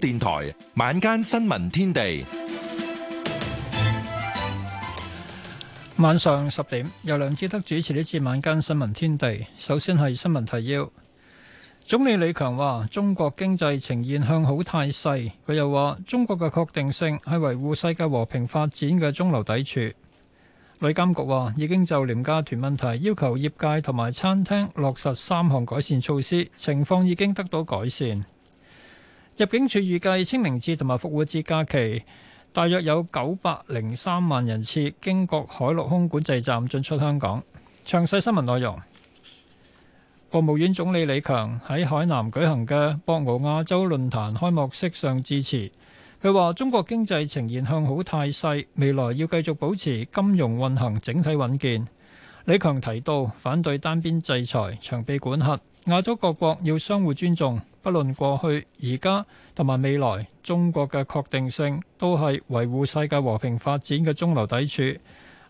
電台晚間新聞天地，晚上十點由梁志德主持呢次晚間新聞天地。首先係新聞提要，總理李強話中國經濟呈現向好態勢。佢又話中國嘅確定性係維護世界和平發展嘅中流砥柱。旅監局話已經就廉價團問題要求業界同埋餐廳落實三項改善措施，情況已經得到改善。入境處預計清明節同埋復活節假期，大約有九百零三萬人次經各海陸空管制站進出香港。詳細新聞內容，國務院總理李強喺海南舉行嘅博鰲亞洲論壇開幕式上致辭，佢話中國經濟呈現向好態勢，未來要繼續保持金融運行整體穩健。李強提到，反對單邊制裁、長臂管轄，亞洲各國要相互尊重。不論過去、而家同埋未來，中國嘅確定性都係維護世界和平發展嘅中流砥柱。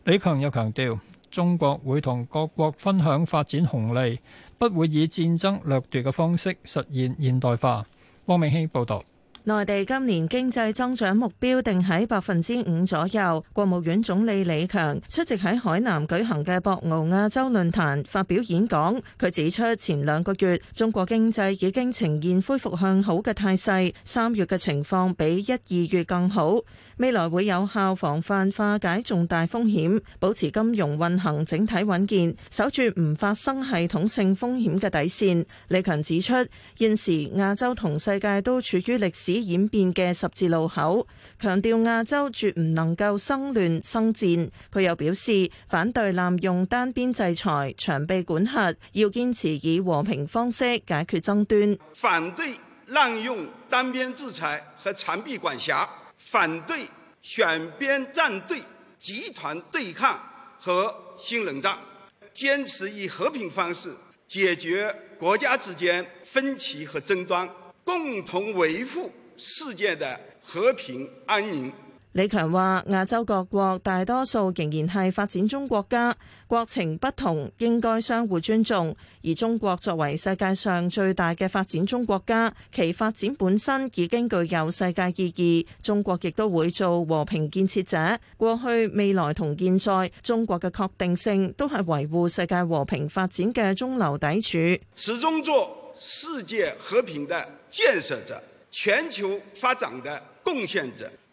李強又強調，中國會同各國分享發展紅利，不會以戰爭掠奪嘅方式實現現代化。汪明希報導。內地今年經濟增長目標定喺百分之五左右。國務院總理李強出席喺海南舉行嘅博鰲亞洲論壇發表演講。佢指出，前兩個月中國經濟已經呈現恢復向好嘅態勢，三月嘅情況比一二月更好。未來會有效防範化解重大風險，保持金融運行整體穩健，守住唔發生系統性風險嘅底線。李強指出，現時亞洲同世界都處於歷史演變嘅十字路口，強調亞洲絕唔能夠生亂生戰。佢又表示，反對濫用單邊制裁、長臂管轄，要堅持以和平方式解決爭端。反對濫用單邊制裁和長臂管轄，反對選邊站隊，集團對抗和新冷戰，堅持以和平方式解決國家之間分歧和爭端，共同維護世界的和平安寧。李強話：亞洲各國大多數仍然係發展中國家，國情不同，應該相互尊重。而中國作為世界上最大嘅發展中國家，其發展本身已經具有世界意義。中國亦都會做和平建設者，過去、未來同現在，中國嘅確定性都係維護世界和平發展嘅中流砥柱，始終做世界和平嘅建設者、全球發展嘅貢獻者。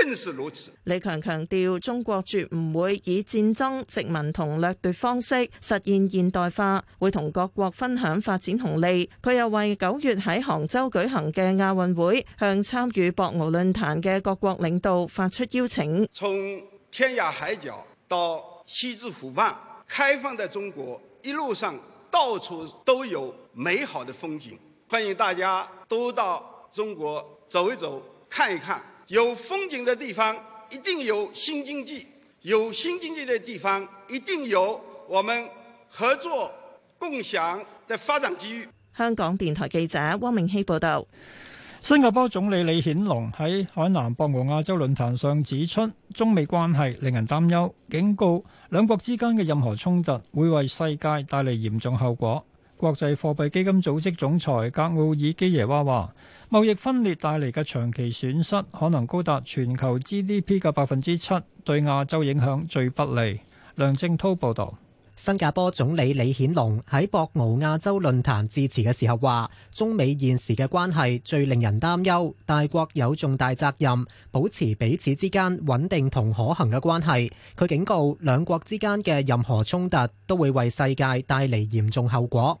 正是如此。李強強調，中國絕唔會以戰爭、殖民同掠奪方式實現現代化，會同各國分享發展紅利。佢又為九月喺杭州舉行嘅亞運會，向參與博鰲論壇嘅各國領導發出邀請。從天涯海角到西子湖畔，開放嘅中國一路上到處都有美好的風景，歡迎大家都到中國走一走、看一看。有風景的地方一定有新經濟，有新經濟的地方一定有我們合作共享的發展機遇。香港電台記者汪明熙報道，新加坡總理李顯龍喺海南博鰲亞洲論壇上指出，中美關係令人擔憂，警告兩國之間嘅任何衝突會為世界帶嚟嚴重後果。國際貨幣基金組織總裁格奧爾基耶娃話：貿易分裂帶嚟嘅長期損失可能高達全球 GDP 嘅百分之七，對亞洲影響最不利。梁正濤報道，新加坡總理李顯龍喺博鰲亞洲論壇致辭嘅時候話，中美現時嘅關係最令人擔憂，大國有重大責任保持彼此之間穩定同可行嘅關係。佢警告，兩國之間嘅任何衝突都會為世界帶嚟嚴重後果。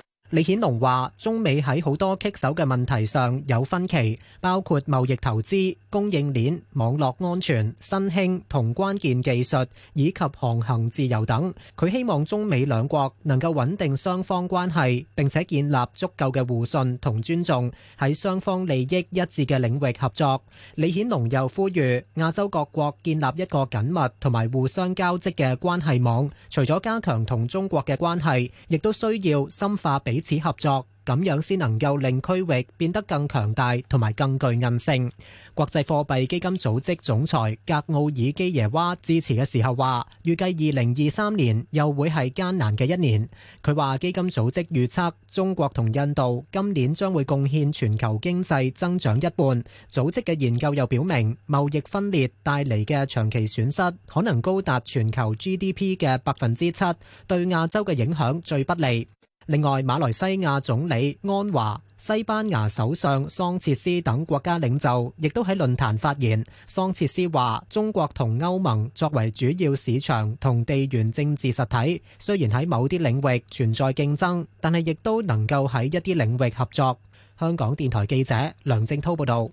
李顯龍話，中美喺好多棘手嘅問題上有分歧，包括貿易投資、供應鏈、網絡安全、新興同關鍵技術以及航行自由等。佢希望中美兩國能夠穩定雙方關係，並且建立足夠嘅互信同尊重，喺雙方利益一致嘅領域合作。李顯龍又呼籲亞洲各國建立一個緊密同埋互相交織嘅關係網，除咗加強同中國嘅關係，亦都需要深化比。此合作咁樣先能夠令區域變得更強大同埋更具韌性。國際貨幣基金組織總裁格奧爾基耶娃致辭嘅時候話，預計二零二三年又會係艱難嘅一年。佢話基金組織預測中國同印度今年將會貢獻全球經濟增長一半。組織嘅研究又表明，貿易分裂帶嚟嘅長期損失可能高達全球 GDP 嘅百分之七，對亞洲嘅影響最不利。另外，馬來西亞總理安華、西班牙首相桑切斯等國家領袖亦都喺論壇發言。桑切斯話：中國同歐盟作為主要市場同地緣政治實體，雖然喺某啲領域存在競爭，但係亦都能夠喺一啲領域合作。香港電台記者梁正滔報導。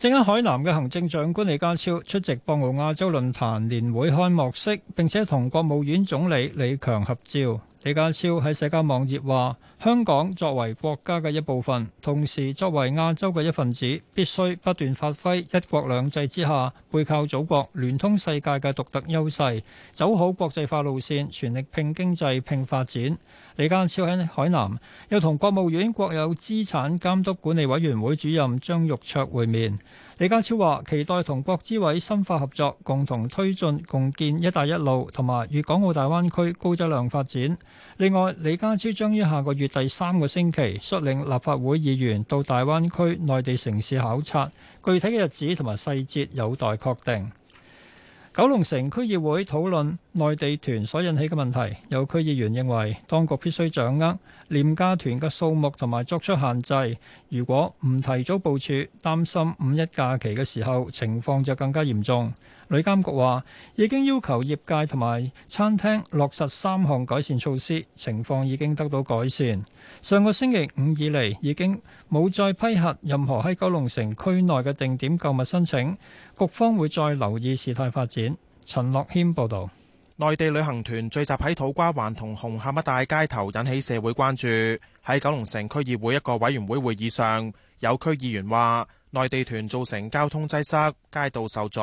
正喺海南嘅行政長官李家超出席博鰲亞洲論壇年會開幕式，並且同國務院總理李強合照。李家超喺社交網頁話：香港作為國家嘅一部分，同時作為亞洲嘅一份子，必須不斷發揮一國兩制之下背靠祖國、聯通世界嘅獨特優勢，走好國際化路線，全力拼經濟、拼發展。李家超喺海南，又同國務院國有資產監督管理委員會主任張玉卓會面。李家超話：期待同國資委深化合作，共同推進共建「一帶一路」，同埋粵港澳大灣區高質量發展。另外，李家超將於下個月第三個星期率領立法會議員到大灣區內地城市考察，具體嘅日子同埋細節有待確定。九龍城區議會討論內地團所引起嘅問題，有區議員認為當局必須掌握廉價團嘅數目同埋作出限制，如果唔提早部署，擔心五一假期嘅時候情況就更加嚴重。旅監局話已經要求業界同埋餐廳落實三項改善措施，情況已經得到改善。上個星期五以嚟已經冇再批核任何喺九龍城區內嘅定點購物申請，局方會再留意事態發展。陳樂軒報導，內地旅行團聚集喺土瓜灣同紅磡一帶街頭，引起社會關注。喺九龍城區議會一個委員會會議上，有區議員話。內地團造成交通擠塞、街道受阻、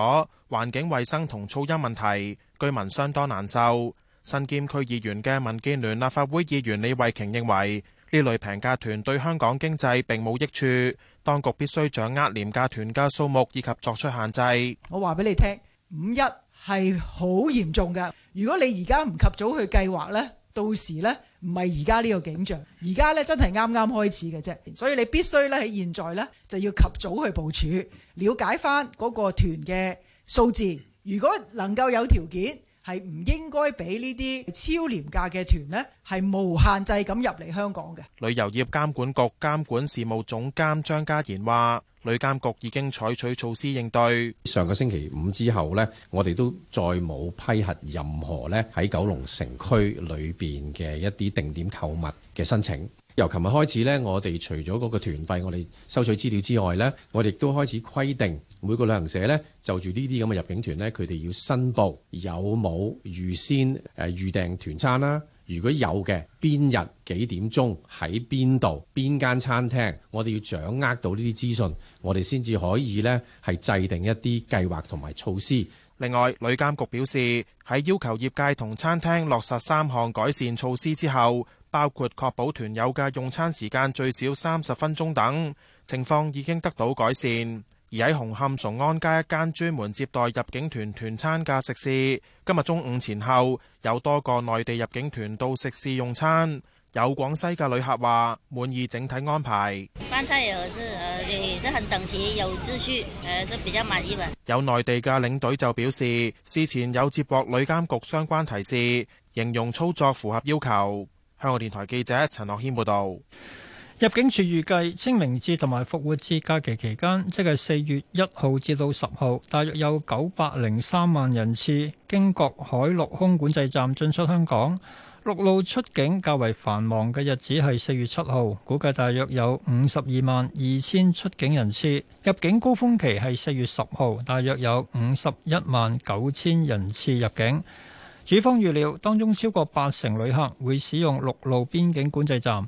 環境衛生同噪音問題，居民相當難受。身兼區議員嘅民建聯立法會議員李慧瓊認為，呢類平價團對香港經濟並冇益處，當局必須掌握廉價團嘅數目以及作出限制。我話俾你聽，五一係好嚴重㗎，如果你而家唔及早去計劃呢？到時呢，唔係而家呢個景象，而家呢，真係啱啱開始嘅啫，所以你必須咧喺現在呢，就要及早去部署，了解翻嗰個團嘅數字。如果能夠有條件，係唔應該俾呢啲超廉價嘅團呢，係無限制咁入嚟香港嘅。旅遊業監管局監管事務總監張家賢話。旅監局已經採取措施應對。上個星期五之後呢，我哋都再冇批核任何呢喺九龍城區裏邊嘅一啲定點購物嘅申請。由琴日開始呢，我哋除咗嗰個團費，我哋收取資料之外呢，我哋亦都開始規定每個旅行社呢，就住呢啲咁嘅入境團呢，佢哋要申報有冇預先誒、預訂團餐啦。如果有嘅，邊日幾點鐘喺邊度邊間餐廳，我哋要掌握到呢啲資訊，我哋先至可以呢，係制定一啲計劃同埋措施。另外，旅監局表示喺要求業界同餐廳落實三項改善措施之後，包括確保團友嘅用餐時間最少三十分鐘等，情況已經得到改善。而喺紅磡崇安街一間專門接待入境團團餐嘅食肆，今日中午前後有多個內地入境團到食肆用餐。有廣西嘅旅客話滿意整體安排，有秩序。有內地嘅領隊就表示，事前有接獲旅監局相關提示，形容操作符合要求。香港電台記者陳樂謙報道。入境處預計清明節同埋復活節假期期間，即係四月一號至到十號，大約有九百零三萬人次經過海陸空管制站進出香港。陸路出境較為繁忙嘅日子係四月七號，估計大約有五十二萬二千出境人次。入境高峰期係四月十號，大約有五十一萬九千人次入境。主方預料，當中超過八成旅客會使用陸路邊境管制站。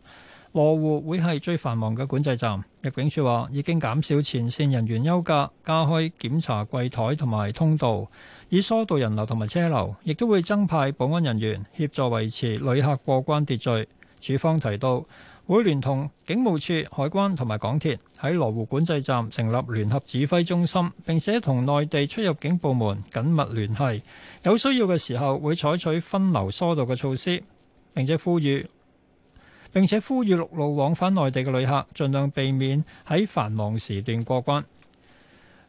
羅湖會係最繁忙嘅管制站，入境處話已經減少前線人員休假，加開檢查櫃台同埋通道，以疏導人流同埋車流，亦都會增派保安人員協助維持旅客過關秩序。處方提到會聯同警務處、海關同埋港鐵喺羅湖管制站成立聯合指揮中心，並且同內地出入境部門緊密聯繫，有需要嘅時候會採取分流疏導嘅措施，並且呼籲。並且呼籲陸路往返內地嘅旅客，盡量避免喺繁忙時段過關。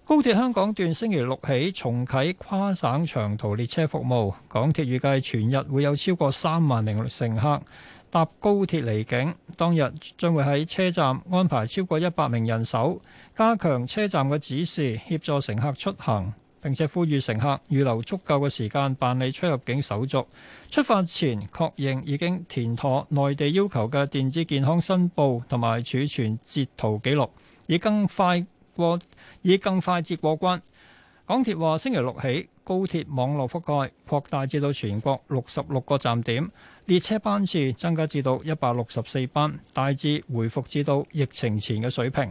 高鐵香港段星期六起重啟跨省長途列車服務，港鐵預計全日會有超過三萬名乘客搭高鐵離境。當日將會喺車站安排超過一百名人手，加強車站嘅指示，協助乘客出行。並且呼籲乘客預留足夠嘅時間辦理出入境手續，出發前確認已經填妥內地要求嘅電子健康申報同埋儲存截圖記錄，以更快過以更快捷過關。港鐵話星期六起，高鐵網絡覆蓋擴大至到全國六十六個站點，列車班次增加至到一百六十四班，大致回復至到疫情前嘅水平。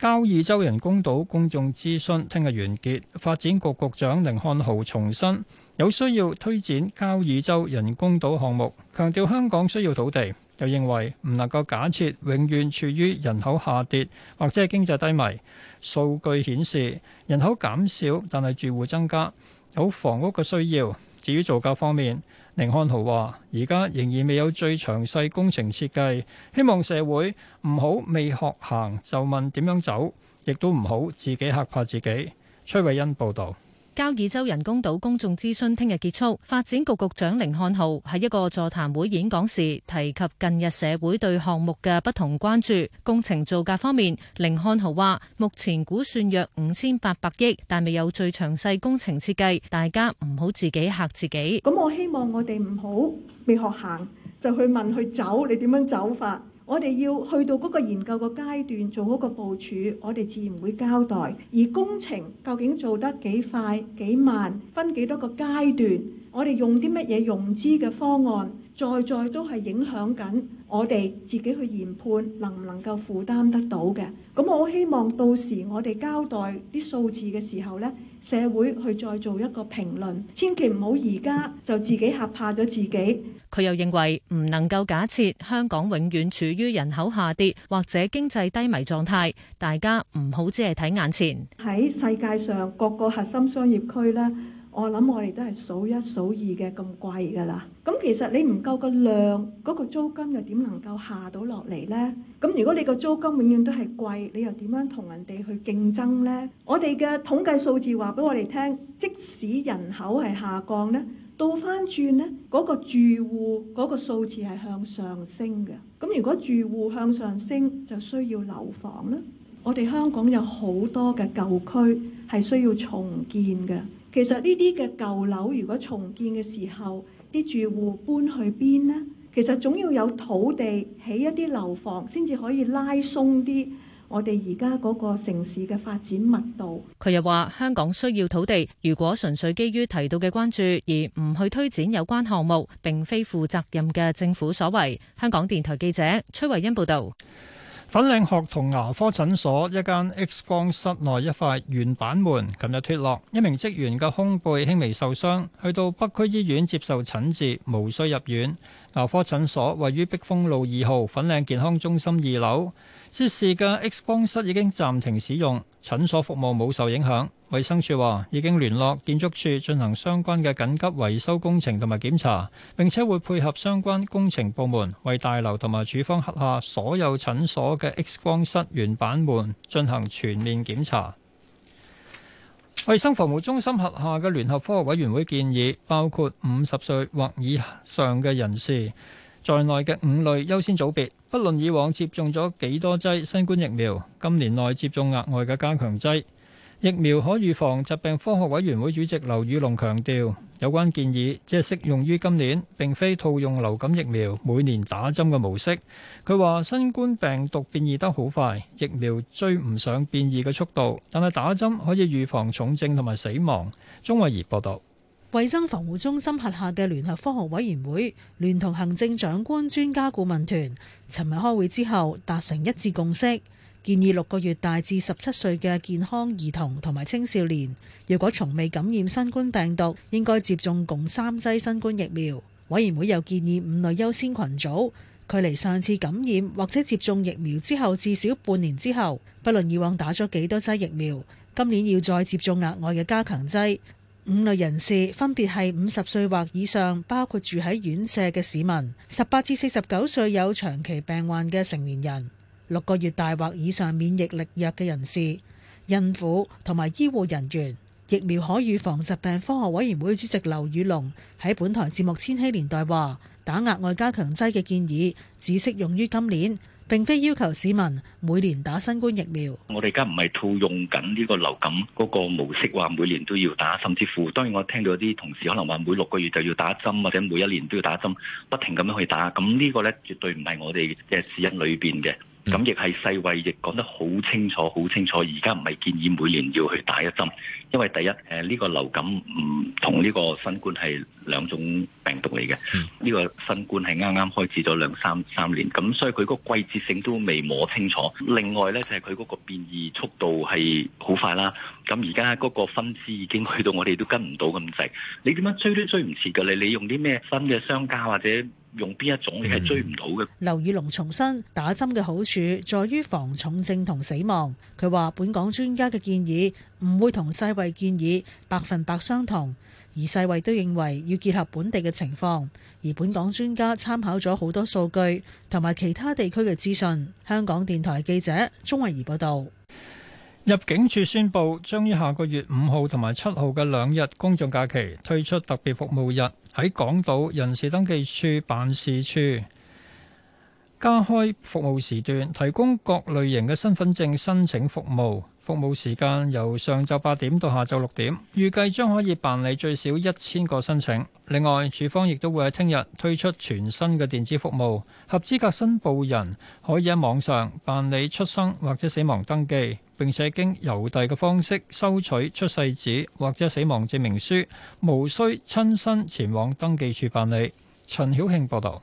交椅洲人工島公眾諮詢聽日完結，發展局局長甯漢豪重申有需要推展交椅洲人工島項目，強調香港需要土地，又認為唔能夠假設永遠處於人口下跌或者係經濟低迷。數據顯示人口減少，但係住戶增加，有房屋嘅需要。至於造價方面，甯漢豪話：而家仍然未有最詳細工程設計，希望社會唔好未學行就問點樣走，亦都唔好自己嚇怕自己。崔慧欣報道。交椅洲人工島公眾諮詢聽日結束，發展局局長凌漢豪喺一個座談會演講時提及近日社會對項目嘅不同關注。工程造價方面，凌漢豪話目前估算約五千八百億，但未有最詳細工程設計，大家唔好自己吓自己。咁我希望我哋唔好未學行就去問佢走，你點樣走法？我哋要去到嗰個研究個階段，做好個部署，我哋自然會交代。而工程究竟做得幾快幾慢，分幾多個階段，我哋用啲乜嘢融資嘅方案，在在都係影響緊我哋自己去研判能唔能夠負擔得到嘅。咁我希望到時我哋交代啲數字嘅時候咧，社會去再做一個評論，千祈唔好而家就自己嚇怕咗自己。佢又認為唔能夠假設香港永遠處於人口下跌或者經濟低迷狀態，大家唔好只係睇眼前。喺世界上各個核心商業區呢。我諗我哋都係數一數二嘅咁貴㗎喇。咁其實你唔夠個量，嗰個租金又點能夠下到落嚟呢？咁如果你個租金永遠都係貴，你又點樣同人哋去競爭呢？我哋嘅統計數字話俾我哋聽，即使人口係下降呢，倒返轉呢，嗰個住戶嗰個數字係向上升嘅。咁如果住戶向上升，就需要樓房啦。我哋香港有好多嘅舊區係需要重建嘅。其實呢啲嘅舊樓，如果重建嘅時候，啲住戶搬去邊呢？其實總要有土地起一啲樓房，先至可以拉鬆啲我哋而家嗰個城市嘅發展密度。佢又話：香港需要土地，如果純粹基於提到嘅關注而唔去推展有關項目，並非負責任嘅政府所為。香港電台記者崔慧欣報道。粉嶺學童牙科診所一間 X 光室內一塊鉛板門，今日脫落，一名職員嘅胸背輕微受傷，去到北區醫院接受診治，無需入院。牙科診所位於碧峰路二號粉嶺健康中心二樓，涉事嘅 X 光室已經暫停使用，診所服務冇受影響。衛生署話已經聯絡建築署進行相關嘅緊急維修工程同埋檢查，並且會配合相關工程部門為大樓同埋處方轄下所有診所嘅 X 光室原版門進行全面檢查。衛生防護中心轄下嘅聯合科學委員會建議，包括五十歲或以上嘅人士在內嘅五類優先組別，不論以往接種咗幾多劑新冠疫苗，今年內接種額外嘅加強劑。疫苗可預防疾病，科學委員會主席劉宇龍強調，有關建議只係適用於今年，並非套用流感疫苗每年打針嘅模式。佢話：新冠病毒變異得好快，疫苗追唔上變異嘅速度，但係打針可以預防重症同埋死亡。鍾慧儀報道，衞生防護中心轄下嘅聯合科學委員會，聯同行政長官專家顧問團，尋日開會之後達成一致共識。建議六個月大至十七歲嘅健康兒童同埋青少年，如果從未感染新冠病毒，應該接種共三劑新冠疫苗。委員會又建議五類優先群組，距離上次感染或者接種疫苗之後至少半年之後，不論以往打咗幾多劑疫苗，今年要再接種額外嘅加強劑。五類人士分別係五十歲或以上，包括住喺院舍嘅市民，十八至四十九歲有長期病患嘅成年人。六個月大或以上免疫力弱嘅人士、孕婦同埋醫護人員，疫苗可預防疾病科學委員會主席劉宇龍喺本台節目《千禧年代》話：打額外加強劑嘅建議只適用於今年，並非要求市民每年打新冠疫苗。我哋而家唔係套用緊呢個流感嗰個模式，話每年都要打，甚至乎當然我聽到啲同事可能話每六個月就要打針，或者每一年都要打針，不停咁樣去打。咁呢個呢，絕對唔係我哋嘅指引裏邊嘅。咁亦係世衛亦講得好清楚，好清楚。而家唔係建議每年要去打一針，因為第一，誒、呃、呢、呢個流感唔同呢、呢個新冠係兩種病毒嚟嘅。呢、嗯、個新冠係啱啱開始咗兩三三年，咁所以佢嗰個季節性都未摸清楚。另外呢，就係佢嗰個變異速度係好快啦。咁而家嗰個分支已經去到我哋都跟唔到咁滯。你點樣追都追唔切㗎？你你用啲咩新嘅商家或者？用邊一種你係追唔到嘅。嗯、劉宇龍重申打針嘅好處，在於防重症同死亡。佢話：本港專家嘅建議唔會同世衞建議百分百相同，而世衞都認為要結合本地嘅情況。而本港專家參考咗好多數據同埋其他地區嘅資訊。香港電台記者鍾慧儀報道。入境處宣布，將於下個月五號同埋七號嘅兩日公眾假期推出特別服務日，喺港島人事登記處辦事處加開服務時段，提供各類型嘅身份證申請服務。服務時間由上晝八點到下晝六點，預計將可以辦理最少一千個申請。另外，處方亦都會喺聽日推出全新嘅電子服務，合資格申報人可以喺網上辦理出生或者死亡登記。並且經郵遞嘅方式收取出世紙或者死亡證明書，無需親身前往登記處辦理。陳曉慶報導。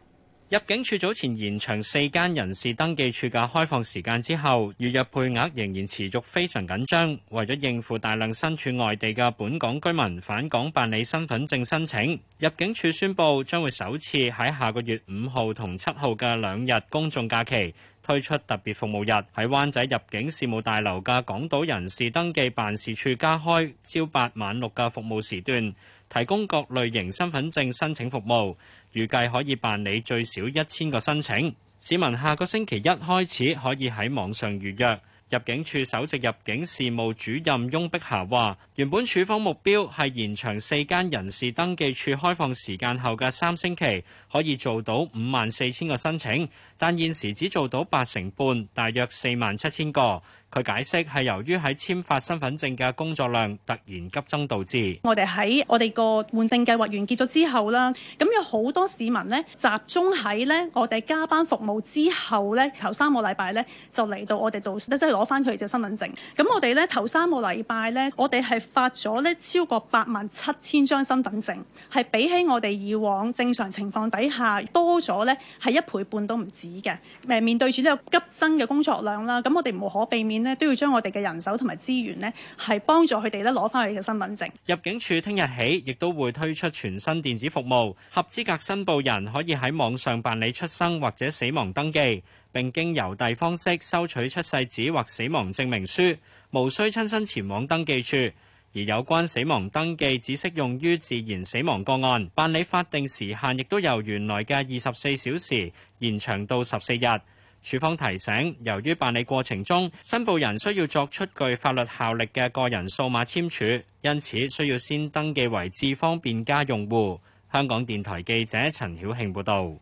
入境處早前延長四間人事登記處嘅開放時間之後，預約配額仍然持續非常緊張。為咗應付大量身處外地嘅本港居民返港辦理身份證申請，入境處宣布將會首次喺下個月五號同七號嘅兩日公眾假期推出特別服務日，喺灣仔入境事務大樓嘅港島人事登記辦事處加開朝八晚六嘅服務時段，提供各類型身份證申請服務。預計可以辦理最少一千個申請，市民下個星期一開始可以喺網上預約。入境處首席入境事務主任翁碧霞話。原本處方目標係延長四間人事登記處開放時間後嘅三星期，可以做到五萬四千個申請，但現時只做到八成半，大約四萬七千個。佢解釋係由於喺簽發身份證嘅工作量突然急增導致。我哋喺我哋個換證計劃完結咗之後啦，咁有好多市民呢，集中喺呢我哋加班服務之後呢頭三個禮拜呢就嚟到我哋度，即係攞翻佢哋隻身份證。咁我哋呢頭三個禮拜呢，我哋係。發咗咧超過八萬七千張身份證，係比起我哋以往正常情況底下多咗咧，係一倍半都唔止嘅。誒面對住呢個急增嘅工作量啦，咁我哋無可避免咧，都要將我哋嘅人手同埋資源咧，係幫助佢哋咧攞翻佢嘅身份證。入境處聽日起亦都會推出全新電子服務，合資格申報人可以喺網上辦理出生或者死亡登記，並經郵遞方式收取出世紙或死亡證明書，無需親身前往登記處。而有關死亡登記只適用於自然死亡個案，辦理法定時限亦都由原來嘅二十四小時延長到十四日。處方提醒，由於辦理過程中，申報人需要作出具法律效力嘅個人數碼簽署，因此需要先登記為智方便加用戶。香港電台記者陳曉慶報道。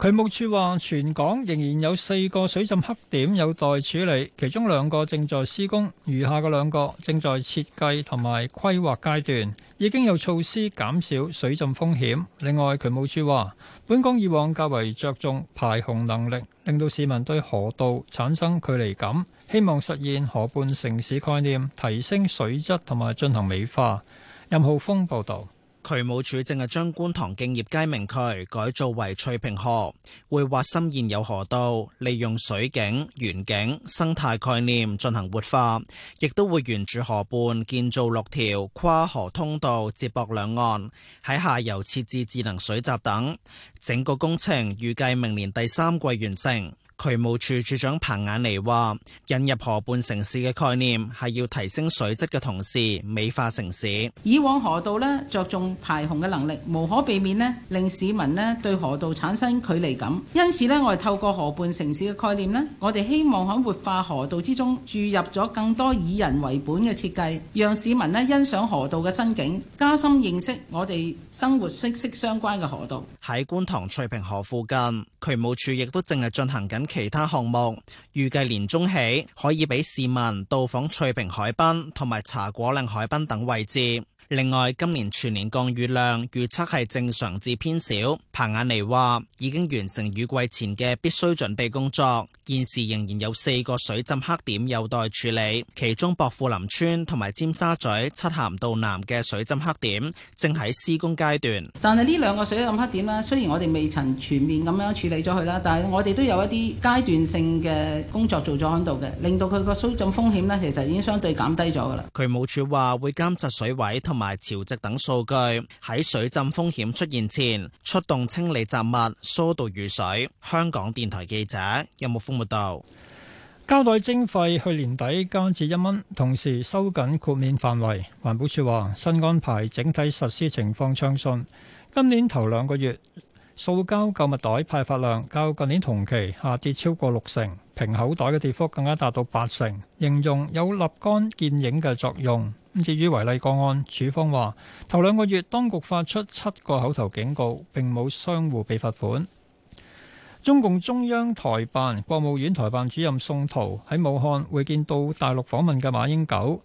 渠務處話，全港仍然有四個水浸黑點有待處理，其中兩個正在施工，餘下嘅兩個正在設計同埋規劃階段，已經有措施減少水浸風險。另外，渠務處話，本港以往較為着重排洪能力，令到市民對河道產生距離感，希望實現河畔城市概念，提升水質同埋進行美化。任浩峰報道。渠務署正係將觀塘敬業街明渠改造為翠屏河，會挖深現有河道，利用水景、園景、生態概念進行活化，亦都會沿住河畔建造六條跨河通道，接駁兩岸。喺下游設置智能水閘等，整個工程預計明年第三季完成。渠務處處長彭雅妮話，引入河畔城市嘅概念係要提升水質嘅同時美化城市。以往河道呢着重排洪嘅能力，無可避免呢令市民呢對河道產生距離感。因此呢，我哋透過河畔城市嘅概念呢，我哋希望喺活化河道之中注入咗更多以人為本嘅設計，讓市民呢欣賞河道嘅新景，加深認識我哋生活息息相關嘅河道。喺觀塘翠屏河附近，渠務處亦都正係進行緊。其他項目預計年中起可以俾市民到訪翠屏海濱同埋茶果嶺海濱等位置。另外，今年全年降雨量預測係正常至偏少。彭雅妮話已經完成雨季前嘅必須準備工作，現時仍然有四個水浸黑點有待處理，其中薄扶林村同埋尖沙咀漆咸道南嘅水浸黑點正喺施工階段。但係呢兩個水浸黑點咧，雖然我哋未曾全面咁樣處理咗佢啦，但係我哋都有一啲階段性嘅工作做咗響度嘅，令到佢個水浸風險咧其實已經相對減低咗噶啦。渠務署話會監察水位同埋潮汐等數據喺水浸風險出現前出動清理雜物、疏導雨水。香港電台記者任木峰報道，膠袋徵費去年底加至一蚊，同時收緊豁免範圍。環保署話，新安排整體實施情況暢順。今年頭兩個月塑膠購物袋派發量較舊年同期下跌超過六成。平口袋嘅跌幅更加達到八成，形容有立竿見影嘅作用。至於違例個案，署方話，頭兩個月，當局發出七個口頭警告，並冇商戶被罰款。中共中央台辦國務院台辦主任宋濤喺武漢會見到大陸訪問嘅馬英九。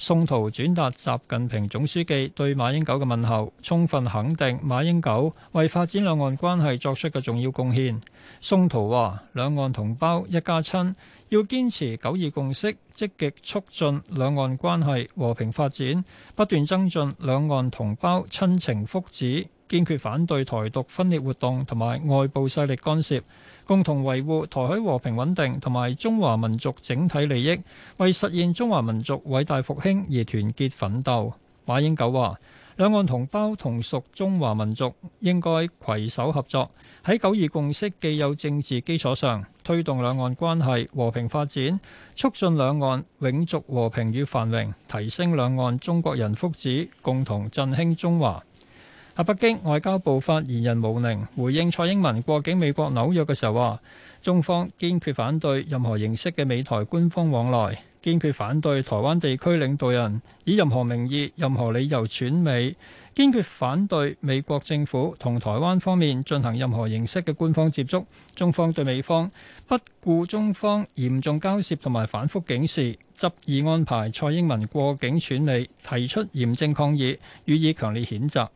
宋濤轉達習近平總書記對馬英九嘅問候，充分肯定馬英九為發展兩岸關係作出嘅重要貢獻。宋濤話：兩岸同胞一家親，要堅持九二共識，積極促進兩岸關係和平發展，不斷增進兩岸同胞親情福祉。堅決反對台獨分裂活動同埋外部勢力干涉，共同維護台海和平穩定同埋中華民族整體利益，為實現中華民族偉大復興而團結奮鬥。馬英九話，兩岸同胞同屬中華民族，應該携手合作，喺九二共識既有政治基礎上，推動兩岸關係和平發展，促進兩岸永續和平與繁榮，提升兩岸中國人福祉，共同振興中華。喺北京，外交部發言人毛寧回應蔡英文過境美國紐約嘅時候話，中方堅決反對任何形式嘅美台官方往來，堅決反對台灣地區領導人以任何名義任何理由竄美，堅決反對美國政府同台灣方面進行任何形式嘅官方接觸，中方對美方不顧中方嚴重交涉同埋反覆警示，執意安排蔡英文過境竄美，提出嚴正抗議，予以強烈譴責。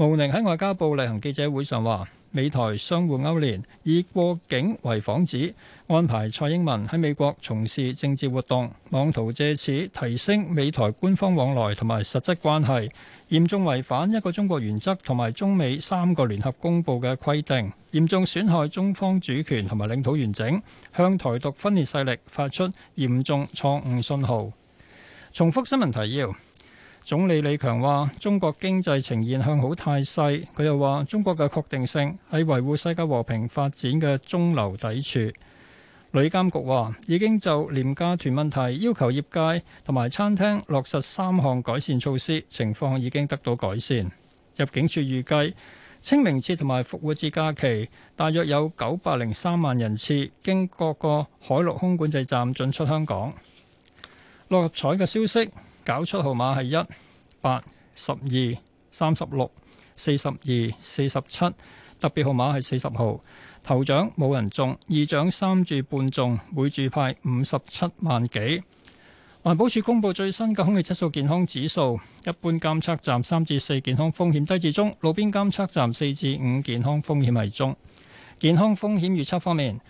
毛寧喺外交部例行記者會上話：美台相互勾連，以過境為幌子，安排蔡英文喺美國從事政治活動，妄圖借此提升美台官方往來同埋實質關係，嚴重違反一個中國原則同埋中美三個聯合公佈嘅規定，嚴重損害中方主權同埋領土完整，向台獨分裂勢力發出嚴重錯誤信號。重複新聞提要。總理李強話：中國經濟呈現向好態勢。佢又話：中國嘅確定性喺維護世界和平發展嘅中流砥柱。旅監局話已經就廉價團問題要求業界同埋餐廳落實三項改善措施，情況已經得到改善。入境處預計清明節同埋復活節假期大約有九百零三萬人次經各個海陸空管制站進出香港。六合彩嘅消息。搞出號碼係一八十二三十六四十二四十七，特別號碼係四十號。頭獎冇人中，二獎三注半中，每注派五十七萬幾。環保署公布最新嘅空氣質素健康指數，一般監測站三至四健康風險低至中，路邊監測站四至五健康風險係中。健康風險預測方面，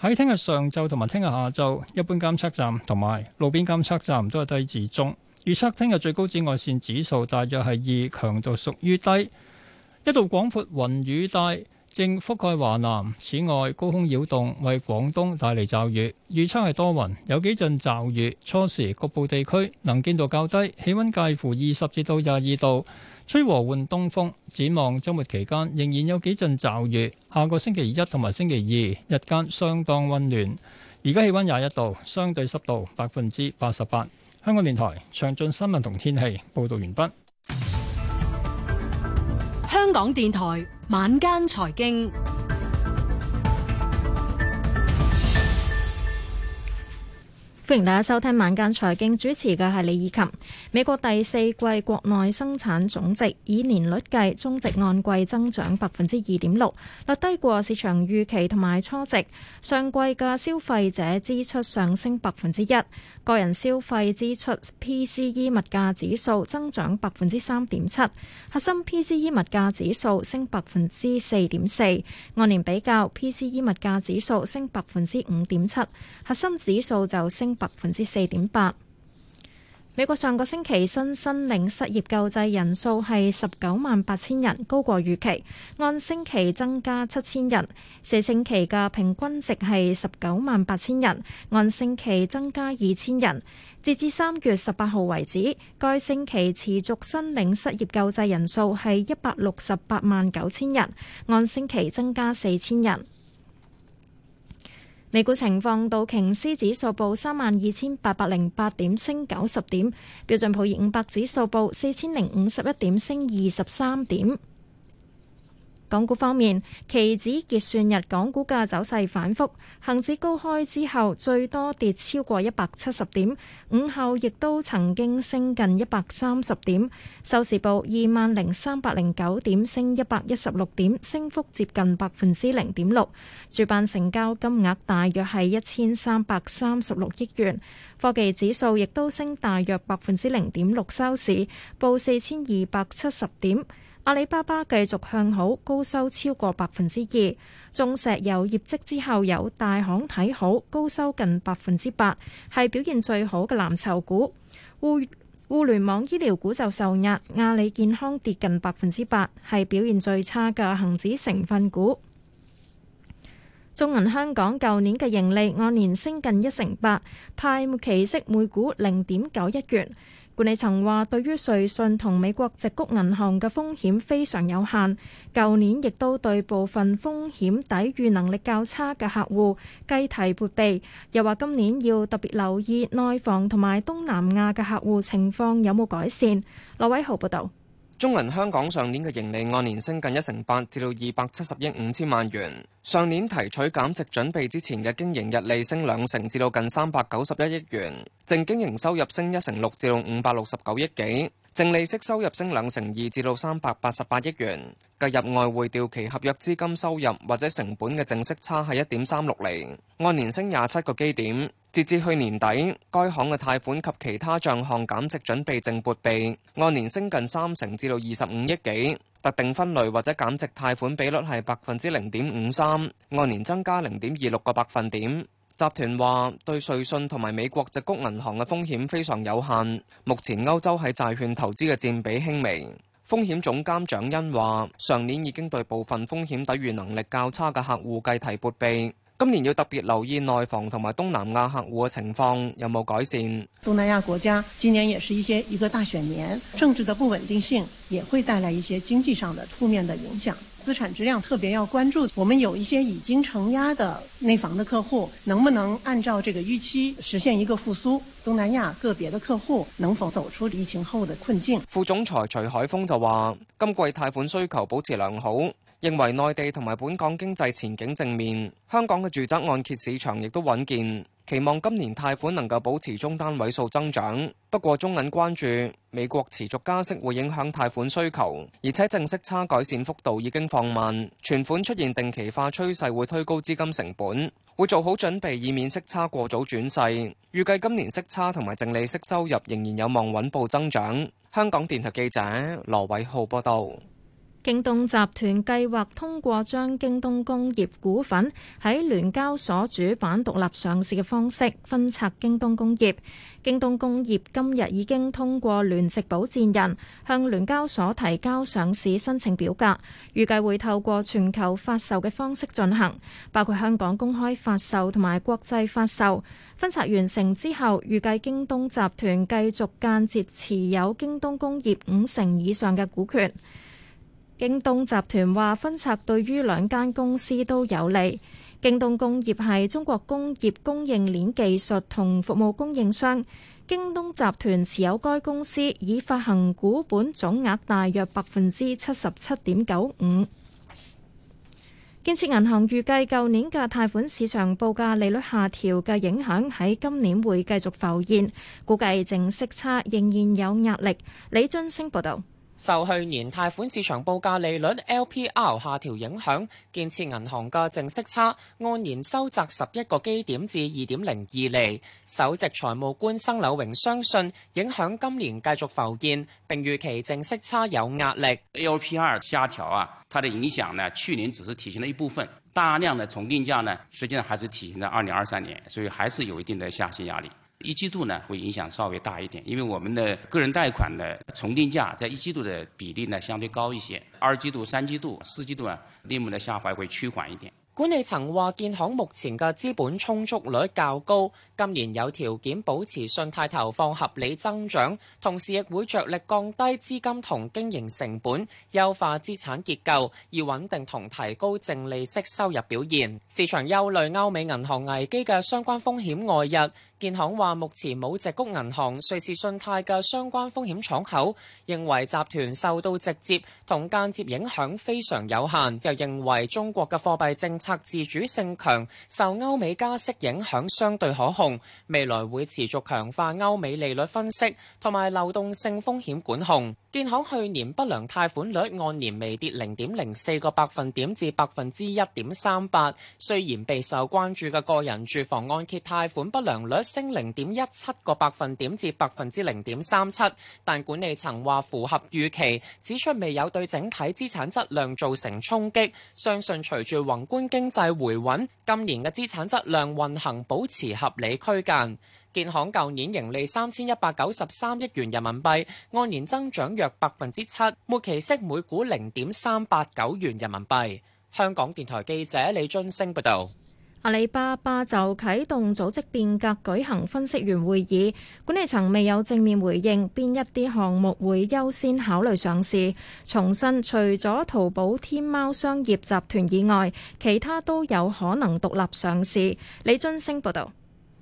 喺聽日上晝同埋聽日下晝，一般監測站同埋路邊監測站都係低至中。預測聽日最高紫外線指數大約係二，強度屬於低。一道廣闊雲雨帶正覆蓋華南，此外高空擾動為廣東帶嚟驟雨。預測係多雲，有幾陣驟雨。初時局部地區能見度較低，氣温介乎二十至到廿二度，吹和緩東風。展望周末期間仍然有幾陣驟雨。下個星期一同埋星期二日間相當温暖。而家氣温廿一度，相對濕度百分之八十八。香港電台詳盡新聞同天氣報道完畢。香港電台晚間財經，歡迎大家收聽晚間財經，主持嘅係李以琴。美國第四季國內生產總值以年率計，終值按季增長百分之二點六，略低過市場預期同埋初值。上季嘅消費者支出上升百分之一。個人消費支出 PCE 物價指數增長百分之三點七，核心 PCE 物價指數升百分之四點四，按年比較，PCE 物價指數升百分之五點七，核心指數就升百分之四點八。美國上個星期新申領失業救濟人數係十九萬八千人，高過預期，按星期增加七千人。四星期嘅平均值係十九萬八千人，按星期增加二千人。截至三月十八號為止，該星期持續申領失業救濟人數係一百六十八萬九千人，按星期增加四千人。美股情況，道瓊斯指數報三萬二千八百零八點，升九十點；標準普爾五百指數報四千零五十一點，升二十三點。港股方面，期指結算日港股價走勢反覆恒指高開之後最多跌超過一百七十點，午後亦都曾經升近一百三十點，收市報二萬零三百零九點，升一百一十六點，升幅接近百分之零點六。主板成交金額大約係一千三百三十六億元，科技指數亦都升大約百分之零點六，收市報四千二百七十點。阿里巴巴繼續向好，高收超過百分之二。中石油業績之後有大行睇好，高收近百分之八，係表現最好嘅藍籌股。互互聯網醫療股就受壓，阿里健康跌近百分之八，係表現最差嘅恒指成分股。中銀香港舊年嘅盈利按年升近一成八，派末期息每股零點九一元。管理層話，對於瑞信同美國矽谷銀行嘅風險非常有限，舊年亦都對部分風險抵禦能力較差嘅客戶計提撥備，又話今年要特別留意內房同埋東南亞嘅客戶情況有冇改善。羅偉豪報道。中銀香港上年嘅盈利按年升近一成八，至到二百七十億五千萬元。上年提取減值準備之前嘅經營溢利升兩成，至到近三百九十一億元。淨經營收入升一成六，至到五百六十九億幾。淨利息收入升兩成二，至到三百八十八億元。計入外匯掉期合約資金收入或者成本嘅淨息差係一點三六釐，按年升廿七個基點。截至去年底，該行嘅貸款及其他賬項減值準備淨撥備按年升近三成至，至到二十五億幾。特定分類或者減值貸款比率係百分之零點五三，按年增加零點二六個百分點。集團話對瑞信同埋美國矽谷銀行嘅風險非常有限。目前歐洲喺債券投資嘅佔比輕微。風險總監蔣恩話上年已經對部分風險抵禦能力較差嘅客戶計提撥備。今年要特別留意內房，同埋東南亞客戶嘅情況有冇改善？東南亞國家今年也是一些一個大選年，政治的不穩定性也會帶來一些經濟上的負面的影響，資產質量特別要關注。我們有一些已經承壓的內房的客戶，能不能按照這個預期實現一個復甦？東南亞個別的客戶能否走出疫情後的困境？副總裁徐海峰就話：今季貸款需求保持良好。認為內地同埋本港經濟前景正面，香港嘅住宅按揭市場亦都穩健，期望今年貸款能夠保持中單位數增長。不過中銀關注美國持續加息會影響貸款需求，而且淨息差改善幅度已經放慢，存款出現定期化趨勢會推高資金成本，會做好準備以免息差過早轉勢。預計今年息差同埋淨利息收入仍然有望穩步增長。香港電台記者羅偉浩報道。京東集團計劃通過將京東工業股份喺聯交所主板獨立上市嘅方式分拆京東工業。京東工業今日已經通過聯席保薦人向聯交所提交上市申請表格，預計會透過全球發售嘅方式進行，包括香港公開發售同埋國際發售。分拆完成之後，預計京東集團繼續間接持有京東工業五成以上嘅股權。京東集團話分拆對於兩間公司都有利。京東工業係中國工業供應鏈技術同服務供應商，京東集團持有該公司已發行股本總額大約百分之七十七點九五。建設銀行預計舊年嘅貸款市場報價利率下調嘅影響喺今年會繼續浮現，估計淨息差仍然有壓力。李津升報道。受去年貸款市場報價利率 LPR 下調影響，建設銀行嘅淨息差按年收窄十一個基點至二點零二厘。首席財務官生柳榮相信，影響今年繼續浮現，並預期淨息差有壓力。LPR 下調啊，它的影響呢？去年只是體現了一部分，大量的重定價呢，實際上還是體現在二零二三年，所以還是有一定的下行壓力。一季度呢會影響稍微大一點，因為我們的個人貸款的重定價在一季度的比例呢相對高一些。二季度、三季度、四季度呢，利率的下滑會，會趨緩一點。管理層話，建行目前嘅資本充足率較高，今年有條件保持信貸投放合理增長，同時亦會着力降低資金同經營成本，優化資產結構，以穩定同提高淨利息收入表現。市場憂慮歐美銀行危機嘅相關風險外溢。建行話目前冇矽谷銀行、瑞士信貸嘅相關風險敞口，認為集團受到直接同間接影響非常有限。又認為中國嘅貨幣政策自主性強，受歐美加息影響相對可控，未來會持續強化歐美利率分析同埋流動性風險管控。建行去年不良貸款率按年微跌零點零四個百分點至百分之一點三八，雖然備受關注嘅個人住房按揭貸款不良率，升零點一七個百分點至百分之零點三七，但管理層話符合預期，指出未有對整體資產質量造成衝擊，相信隨住宏觀經濟回穩，今年嘅資產質量運行保持合理區間。建行舊年盈利三千一百九十三億元人民幣，按年增長約百分之七，末期息每股零點三八九元人民幣。香港電台記者李津升報道。阿里巴巴就啟動組織變革，舉行分析員會議，管理層未有正面回應邊一啲項目會優先考慮上市。重申，除咗淘寶天貓商業集團以外，其他都有可能獨立上市。李津星報道。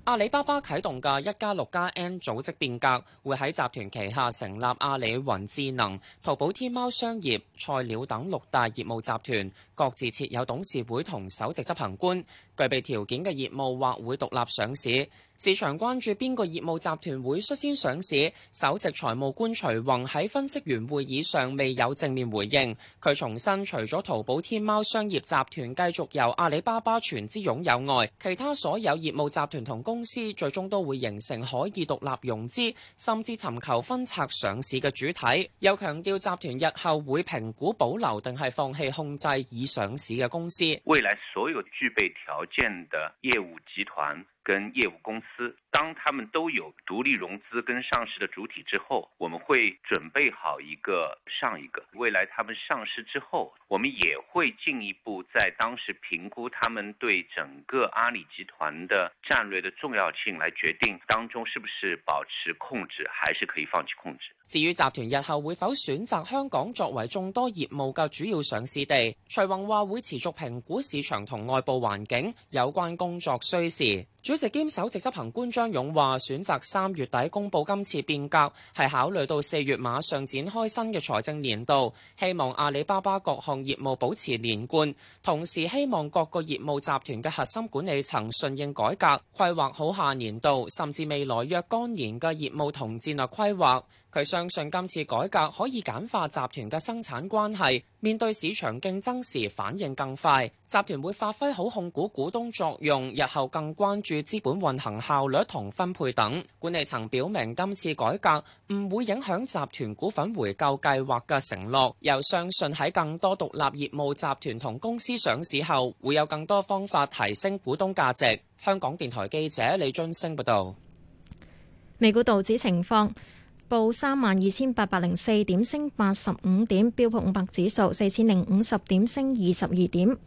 阿里巴巴啟動嘅一加六加 N 組織變革，會喺集團旗下成立阿里雲智能、淘寶天貓商業、菜鳥等六大業務集團。各自設有董事會同首席執行官，具備條件嘅業務或會獨立上市。市場關注邊個業務集團會率先上市。首席財務官徐宏喺分析員會議上未有正面回應，佢重申，除咗淘寶天貓商業集團繼續由阿里巴巴全資擁有外，其他所有業務集團同公司最終都會形成可以獨立融資，甚至尋求分拆上市嘅主體，又強調集團日後會評估保留定係放棄控制以上市嘅公司，未來所有具備條件的業務集團跟業務公司。當他們都有獨立融資跟上市的主體之後，我們會準備好一個上一個。未來他們上市之後，我們也會進一步在當時評估他們對整個阿里集團的戰略的重要性，來決定當中是不是保持控制，還是可以放棄控制。至於集團日後會否選擇香港作為眾多業務嘅主要上市地，徐宏話會持續評估市場同外部環境有關工作需時，主席兼首席執行官。張勇話：選擇三月底公布今次變革，係考慮到四月馬上展開新嘅財政年度，希望阿里巴巴各項業務保持連貫，同時希望各個業務集團嘅核心管理層順應改革，規劃好下年度，甚至未來若干年嘅業務同戰略規劃。佢相信今次改革可以簡化集團嘅生產關係，面對市場競爭時反應更快。集團會發揮好控股股東作用，日後更關注資本運行效率同分配等。管理層表明，今次改革唔會影響集團股份回購計劃嘅承諾。又相信喺更多獨立業務集團同公司上市後，會有更多方法提升股東價值。香港電台記者李津星報道。美股道指情況。報三萬二千八百零四點，升八十五點。標普五百指數四千零五十點，升二十二點。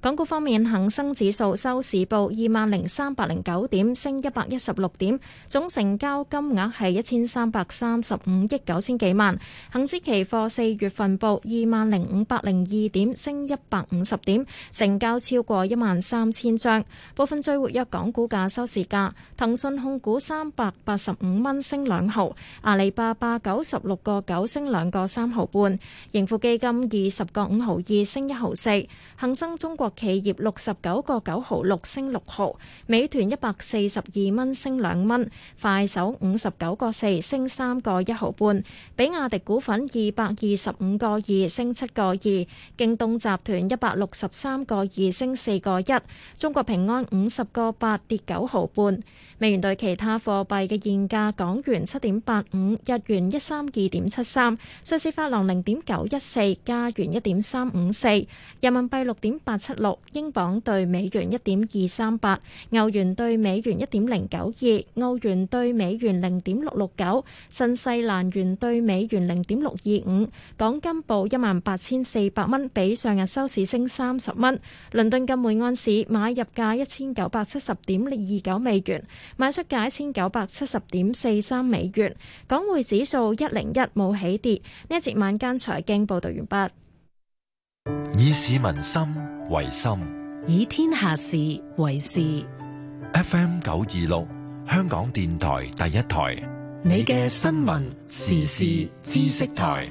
港股方面，恒生指數收市報二萬零三百零九點，升一百一十六點，總成交金額係一千三百三十五億九千幾萬。恒指期貨四月份報二萬零五百零二點，升一百五十點，成交超過一萬三千張。部分最活躍港股價收市價：騰訊控股三百八十五蚊升兩毫，阿里巴巴九十六個九升兩個三毫半，盈富基金二十個五毫二升一毫四，恒生中國企業六十九個九毫六升六毫，美團一百四十二蚊升兩蚊，快手五十九個四升三個一毫半，比亞迪股份二百二十五個二升七個二，京東集團一百六十三個二升四個一，中國平安五十個八跌九毫半，美元兌其他貨幣嘅現價：港元七點八五，日元一三二點七三，瑞士法郎零點九一四，加元一點三五四，人民幣六點八七。六英鎊兌美元一點二三八，歐元兌美元一點零九二，澳元兌美元零點六六九，新西蘭元兌美元零點六二五。港金報一萬八千四百蚊，比上日收市升三十蚊。倫敦嘅每安士買入價一千九百七十點零二九美元，賣出價一千九百七十點四三美元。港匯指數一零一，冇起跌。呢一節晚間財經報道完畢。以市民心。為心以天下事為事。FM 九二六香港電台第一台，你嘅新聞時事知識台，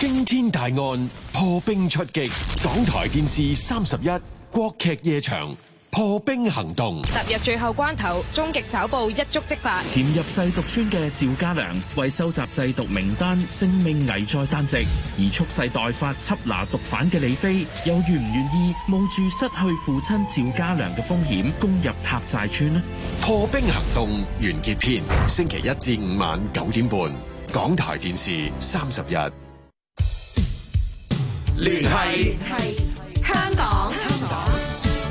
驚天大案破冰出擊，港台電視三十一，國劇夜場。破冰行動，踏入最後關頭，終極抓捕一觸即發。潛入製毒村嘅趙家良為收集製毒名單，性命危在旦夕；而蓄勢待發緝拿毒販嘅李飛，又願唔願意冒住失去父親趙家良嘅風險，攻入塔寨村呢？破冰行動完結篇，星期一至五晚九點半，港台電視三十日。聯繫繫香港。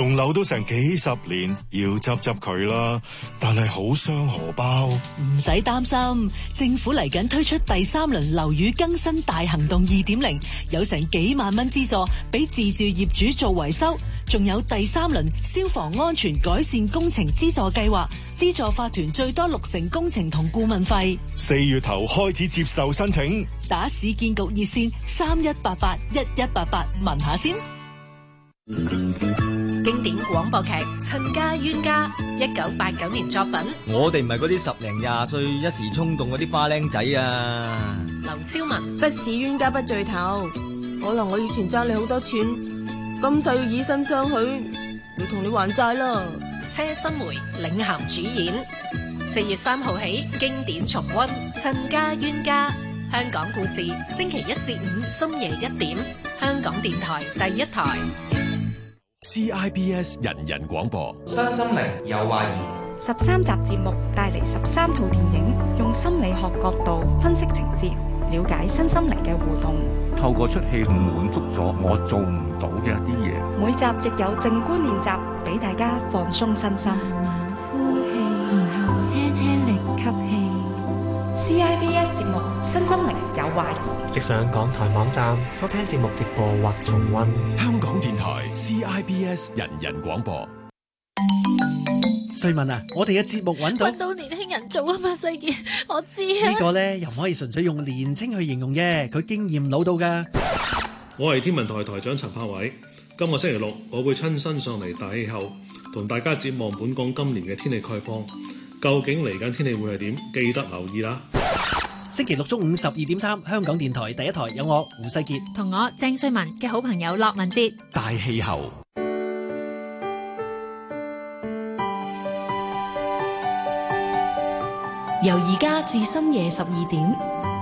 棟樓都成幾十年，要執執佢啦，但係好傷荷包。唔使擔心，政府嚟緊推出第三輪樓宇更新大行動二點零，有成幾萬蚊資助俾自住業主做維修，仲有第三輪消防安全改善工程資助計劃，資助法團最多六成工程同顧問費。四月頭開始接受申請，打市建局熱線三一八八一一八八問下先。嗯嗯嗯嗯經典廣播劇《親家冤家》，一九八九年作品。我哋唔係嗰啲十零廿歲一時衝動嗰啲花僆仔啊！劉超文，不是冤家不聚頭。可能我以前爭你好多錢，今世要以身相許，要同你還債咯。車心梅領銜主演，四月三號起經典重溫《親家冤家》，香港故事，星期一至五深夜一點，香港電台第一台。CIBS 人人廣播，身心靈有話兒。十三集節目帶嚟十三套電影，用心理學角度分析情節，了解身心靈嘅互動。透過出戲滿足咗我做唔到嘅一啲嘢。每集亦有靜觀練習，俾大家放鬆身心。CIBS 節目新心靈有話兒，直上港台網站收聽節目直播或重温。香港電台 CIBS 人人廣播。瑞文啊，我哋嘅節目揾到，揾到年輕人做啊嘛。世杰，我知啊。個呢個咧，又唔可以純粹用年青去形容嘅，佢經驗老到噶。 我係天文台台長陳柏偉，今個星期六我會親身上嚟大氣候，同大家展望本港今年嘅天氣概況，究竟嚟緊天氣會係點？記得留意啦。星期六中午十二點三，香港電台第一台有我胡世杰，同我鄭瑞文嘅好朋友洛文哲。大氣候，由而家至深夜十二點。